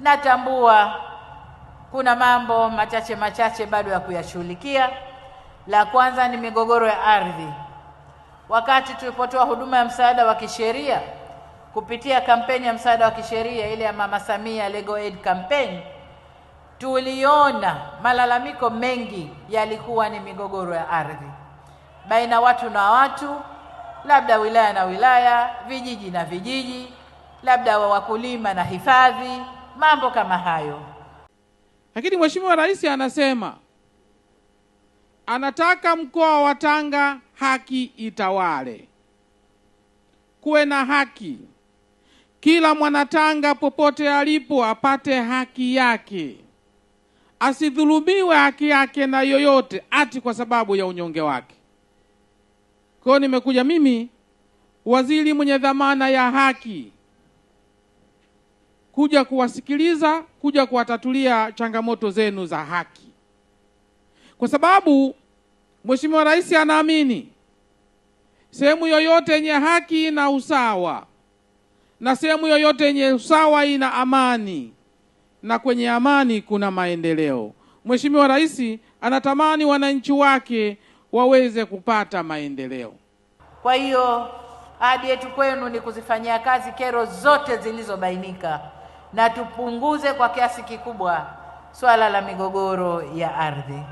Natambua kuna mambo machache machache bado ya kuyashughulikia. La kwanza ni migogoro ya ardhi. Wakati tulipotoa huduma ya msaada wa kisheria kupitia kampeni ya msaada wa kisheria ile ya Mama Samia Legal Aid Campaign, tuliona malalamiko mengi yalikuwa ni migogoro ya ardhi baina watu na watu, labda wilaya na wilaya, vijiji na vijiji, labda wakulima na hifadhi mambo kama hayo. Lakini Mheshimiwa Rais anasema anataka mkoa wa Tanga haki itawale, kuwe na haki, kila mwanatanga popote alipo apate haki yake, asidhulumiwe haki yake na yoyote ati kwa sababu ya unyonge wake. Kwa hiyo nimekuja mimi waziri mwenye dhamana ya haki kuja kuwasikiliza, kuja kuwatatulia changamoto zenu za haki, kwa sababu Mheshimiwa Rais anaamini sehemu yoyote yenye haki ina usawa, na sehemu yoyote yenye usawa ina amani, na kwenye amani kuna maendeleo. Mheshimiwa Rais anatamani wananchi wake waweze kupata maendeleo. Kwa hiyo ahadi yetu kwenu ni kuzifanyia kazi kero zote zilizobainika na tupunguze kwa kiasi kikubwa swala la migogoro ya ardhi.